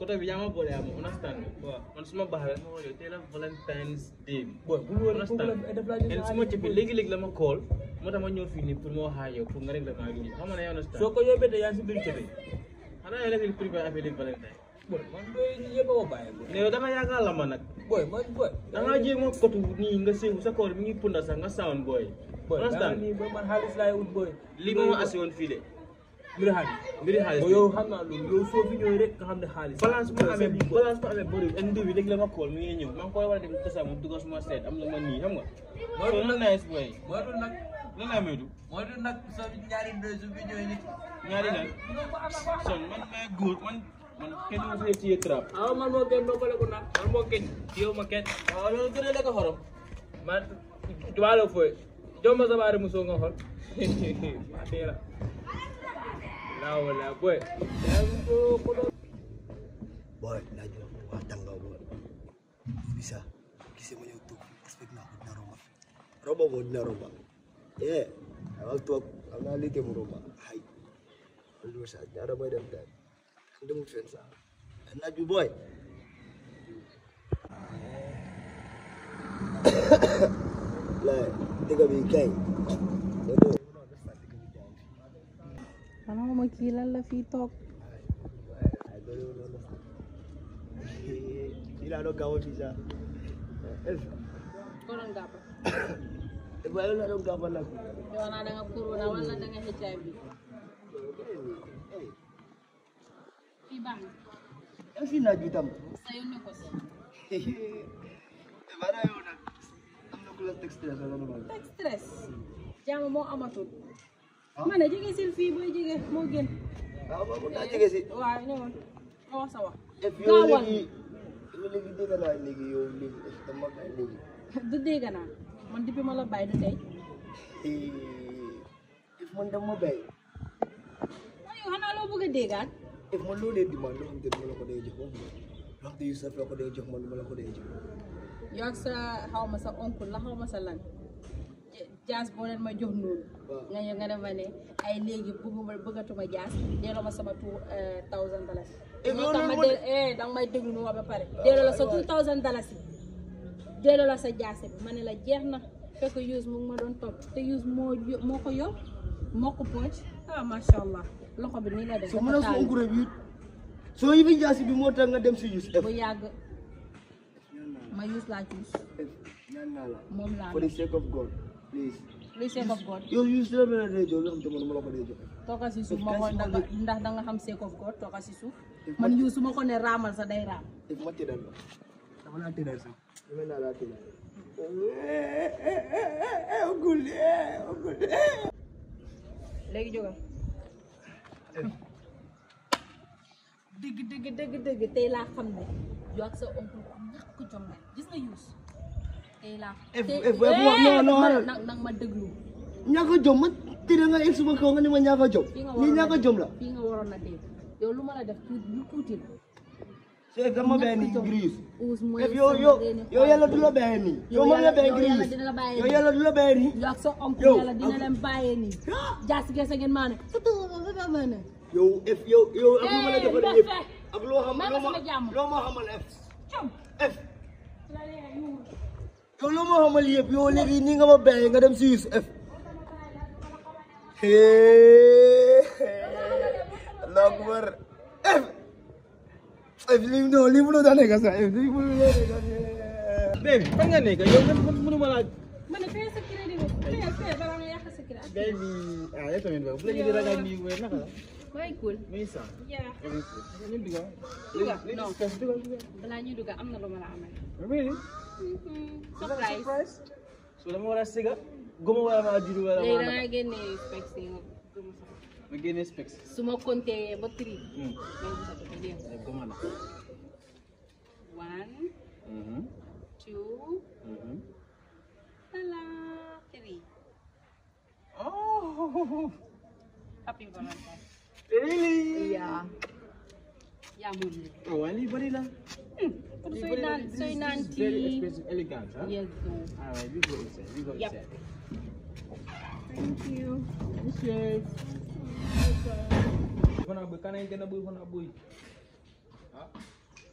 kota bijama boleh amu understand wah man semua bahara mo oh, yo ya, tela valentines day boy bu wala ada belajar en semua ci legi legi lama call mo dama ñew pour mo ha yow pour nga la ma gi xam na yow soko ya bir ci xana yow rek privé affaire valentine boy man boy ni yeba boy nak man boy da nga jéem ak kotu ni nga sewu sa koor mi sound boy boy understand ni boy man boy mbiri xaalis mbiri xaalis yow xam naa loolu yow soo fi ñëwee rek nga xam ne xaalis balance bu amee balance bu amee bëri indi bi léegi la ma kool mi ngi ñëw maa ngi koy war a dem tasa moom dugal suma seet am na ma nii xam nga loolu la nice boy moodu nag lan laa moytu moodu nag so ñaari deux bi ñëwee nit ñaari lan son man may góor man man kenn ma fee ciye trap waaw ah, man moo kenn noppale ko nag man moo kenn yow ma kenn waaw ah, loolu gën a lekk xorom man tubaalo fooy jox ma sabaari musoo nga xool Ahora, pues. Boy, najua watanga boy. Bisa kise mwenye utupu respect na kudna Roma. Roma Roma. Yeah, abantu angalike mu Roma. Hai. Ndio sasa jara boy dem dad. Ndio mtfensa. Najua boy. La, tiga bikai. ako magkilala, Fitok. Ilalog ako, Pisa. Kurang dapat. Iba yun larong gaban ako. Wala na nga corona, wala na nga HIV. Ibang. Ang sinagitam. Sa'yo na ko sa'yo. Iba na yun. Ang nakulang text stress. Ano naman? Text stress. Diyan mo mo amatod. Mana juga selfie boy juga mungkin. Apa pun aja sih. Wah, ini mon. Oh, sawah. Eh, Kawan. Kan ini lagi di oh, kana ini lagi yo eh, kan, lagi sama kan Mandi pe malah bai dude. Eh. If mon demo bai. Ayo oh, hana lo buga de kan. di man lo ham de mo ko de Yusuf lo ko de jo mon mo lo masa masa lan. jaas boo leen ma jox noonu nga ñëw nga ne ne ay léegi bëgguma bëggatuma jaas delloo ma sama two eh, thousand dalasi eh, moo tax ma del eh, danga may delloo la sa two thousand dalasi sa jaase bi ma ne la jeex na fekk use mu ngi ma doon topp te use moo moo ko yor moo ko pooj ah macha allah loxo bi nii la def soo mën a soo nguréb yi soo yi bi jaasi bi moo tax nga dem si use bu yàgg ma use laa juus moom laa for the sake of God please please sake of god yo use la mena de jol xam tamul mala suuf ma ko ndax da nga xam sake of god toka ci suuf man yu suma ko ne ramal sa day ram if ma tidal dama la tidal sa dama la la legi jogal deug use Kailang. If, if, No no, no. Nang, nang madaglo. Nya ko jom, mat, tira nga il sumakongan ni nya ko jom. Ni nya ko jom la. Yo gris. If yo yo yo yalla du la ben ni. Yo mo la ben gris. Yo Yo dina len baye ni. Jass gessa Tutu ba ba mané. Yo if yo yo ak lu eh, mala yow loo ma xamal yëpp yow léegi nii nga ma bàyyi nga dem si Youssouf Allahu akbar F lii non lii mënoo daa nekk sax F lii mënoo daa nekk baby fan nga nekk yow mënu ma laaj man fay sa crédit baby ah yow tamit bu la ñu di ragal nii naka la Wah, cool. Misa. Iya. Ini juga. Juga. No. Belanja juga amna lo malah amal. Really? Mm-hmm. Surprise. Surprise. Sudah mau rasa gak? Gumo wala ma ajiru wala ma. Leila gini specs ni. speksi semua Sumo konte botri. Hmm. Gumo sa pagkakadiyan. Gumo na. One. Mm-hmm. Two. Mm -hmm. Tala. Three. Oh. Happy Valentine's. Really? Yeah. Yeah, mommy. Oh, anybody lah? Hmm. Soy nan, Very expensive, elegant, huh? Yes, though. Alright, we go inside. We go yep. inside. Thank you. Appreciate. Kau nak apa? Kau nak apa? Kau nak apa?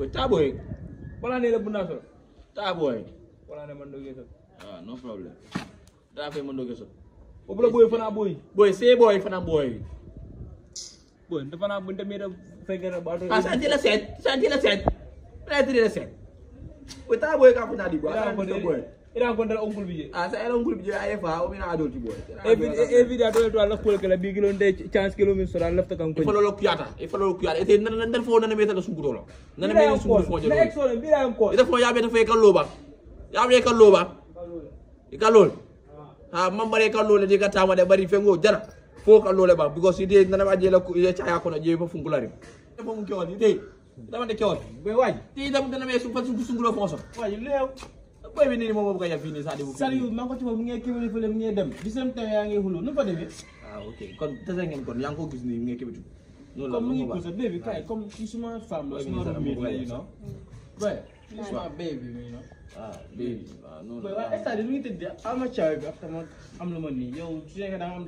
ko taaboy wala ne la bunda so taaboy wala ne man doge so ah, no problem da fe man doge so boy fana boy boy se boy fana boy boy da fana bunda me da fegara ba santi la set santi la set la tri la ka funa di boy ina gondal oncle bije a sa ela oncle bije aye fa o mina adol ti boy e video to to la kol kala bi gilon de chance kilo min sura lafta kan ko falo lo kuyata e falo lo kuyata e nan nan fo nan me tan sungu to lo nan me sungu fo jelo e so le bi ram ko e fo yabe to fe kallo ba yabe kallo ba e kallo ha mambare kallo le diga tama de bari fengo jara fo kallo le ba because ide nan ba jela ko ye chaya ko no je ba fungulari e fo mu kewal ide dama de kewal be waji ti dam dana me su fa sungu sungu lo fo so waji lew boy bi nii moom moo bëgg a fii nii sax di bu sérieux ko ci moom mu ngee kéwél fële mu ngee dem di seen teew yaa ngi xuloo nu fa demee waaw ah, ok kon tase ngeen kon yaa ngi ko gis nii mu ngee kéwél loolu la mu ngi pousse baby kay ah. comme suma femme la suma room mate la you know boy hmm. suma baby you know ah baby waaw noonu la waaye stade mu ngi tëdd ama caaw bi after nii su nekkee da nga am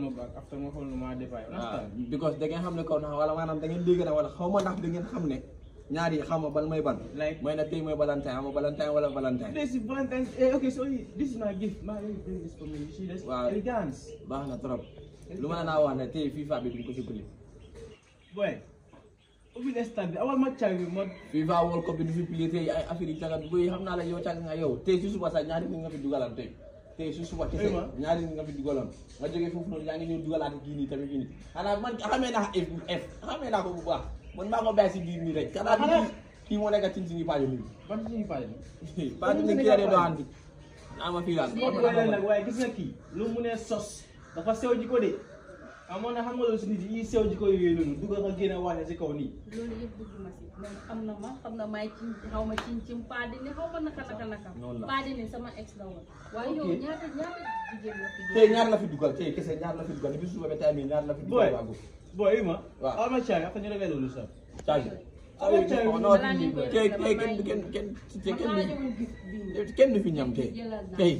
ma back after ma xool lu ma defaay parce que da xam ne kon wala maanaam da ngeen dégg na wala xaw ma ndax da ngeen xam ne ñaari xama ban may ban nanti may na tey may valentine xama valentine wala valentine this is valentine eh, okay so this is my gift my bring this for me you see this wow. elegance bah na trop lu ma wax FIFA bi duñ ko boy obi next time awal ma cagi mod FIFA World Cup bi du fi plié tey ay affaire boy hamna lagi la yow ayo. nga yow tey ci suba sax ñaari nit nga fi dugalan tey tey su suba kese ñaari nga fi dugaloon nga jógee foofu noonu yaa ngi ñëw dugalaat gii nii tamit man F F xamee naa ko bu baax man maa ma bàyyi si biir nii rek. xanaa kii kii moo nekk ci suñu paajo bi. ban suñu paajo bi. kii rek doo ànd. naa dafa sew ji ko de amoon na xam nga loolu si nit yi sew ji ko yooyu noonu dugg si kaw nii. loolu yëpp dugg ma na ma xam na maay ci ma ci ci paa di ne xaw ma naka naka naka. paa di ne sama ex la woon. waaye yow ñaata ñaata jigéen la fi. tey ñaar la fi dugal tey kese ñaar la fi dugal depuis ñaar la fi dugal. Bon, Ima, waaw ma caabi après ñu réglé loolu sax. Caabi. Ama caabi non tey tey kenn kenn kenn kenn kenn du fi ñam tey tey.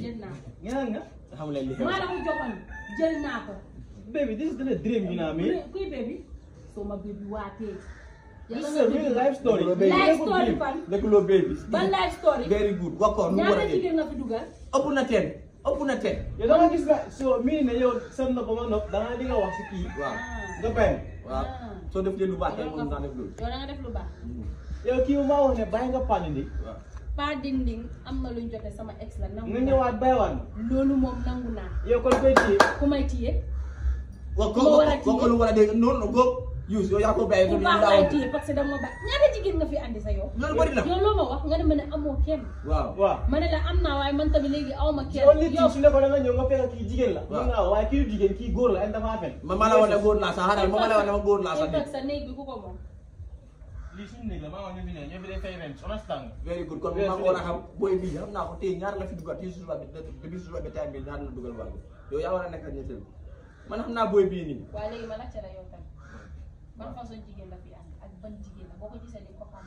Ñaan nga. Xam leen li xew. Maa la ko joxoon jël naa ko. Baby, this is the dream you know me. Kuy baby? So ma baby waatee. This is a real life story. Life story fan. Dëkk loo baby. Ban life story. Very good. Wakoor nu war a ñaata jigéen nga fi dugal. Ëpp na teen. ëpp na teg. yow da nga gis nga soo mii ne yow seet na ba ma nopp da nga li nga wax si kii. waaw ah. nga bàyyi. waaw ah. soo def lu baax yow moom da nga def loolu. yow da nga def lu baax. yow kii maa sama ex la. nangu nga ñëwaat bàyyiwaat na. loolu moom nangu naa. yow kon koy téye. ku may téye. ku ma war a téye waaw kooku kooku a dégg noonu la Youss yo yaa ko bàyyi noonu ñu lay di parce que dama ma bàyyi ñaata jigéen nga fi andi sa yow loolu bëri na yow loo ma wax nga ne ma ne amoo kenn waaw waaw ma ne la am naa waaye man tamit léegi aw kenn yow nit ki su ne ko da nga ñëw nga fekk kii jigéen la mën naa waaye kii jigéen kii góor la en dafa fen ma ma la wax ne góor laa sax xaaral ma la sa bi ku ko la wax ñu ne very good kon maa ko war a xam booy bii ko tey ñaar la fi dugal tey suba bi depuis suba bi time bi ñaar la yow man la yow tam ban façon jigéen la fi ànd ak ban jigéen la boo ko gisee di ko xam.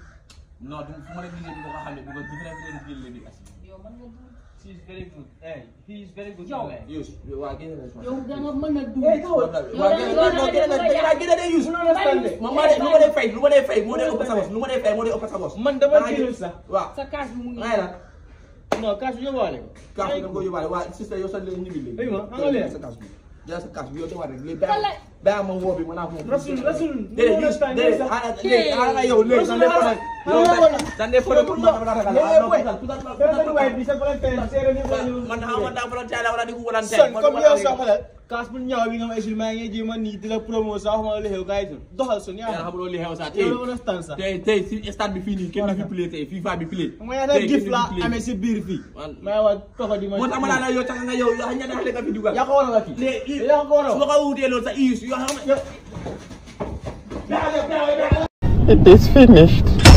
non du fu ma la gisee di ko xam ne du ko du ko leen jël leen di as. yow mën nga dund. she is very good. eh he is very good. yow waa gën a. yow da nga mën a dund. eh kaw yow da nga gën a de use. ma ma de lu ma de fay lu ma de fay moo de ëpp sa bos lu ma de fay moo de ëpp sa bos. man dama jël sa waaw sa kaas bi mu ngi. non kaas bi yóbbaale ko. kaas bi da nga ko yóbbaale waa sister yow sax léegi ñu ngi léegi. sa kaas bi jël sa kaas bi yow damaa rek léegi bàyyi ma woo bi ma naa ko. rasul rasul déedéet yu déedéet xaaral yow léegi sax léegi fan. yow dañ dee photo man dama la ragal ah non puudar puudar puudar waaye bi sa volontaire séeréer ni man xam nga daa volontaire la wala di ko volontaire son comme yow sa xolal kaas bu ñaaw bi nga ma esul maa ngi jéem a nii di la promo sax xama lu xew gaay doxal son yaa xam loolu xew sax tey tey si stade bi fii nii kenn fi play tey FIFA bi play ma yaa da gif la amee si biir fii ma wa toxo di ma moo tax ma la yow tax nga yow yaa ñaan xale ka fi dugal yaa ko waral la fi yaa ko waral su ma ko wutee loolu sax It is finished.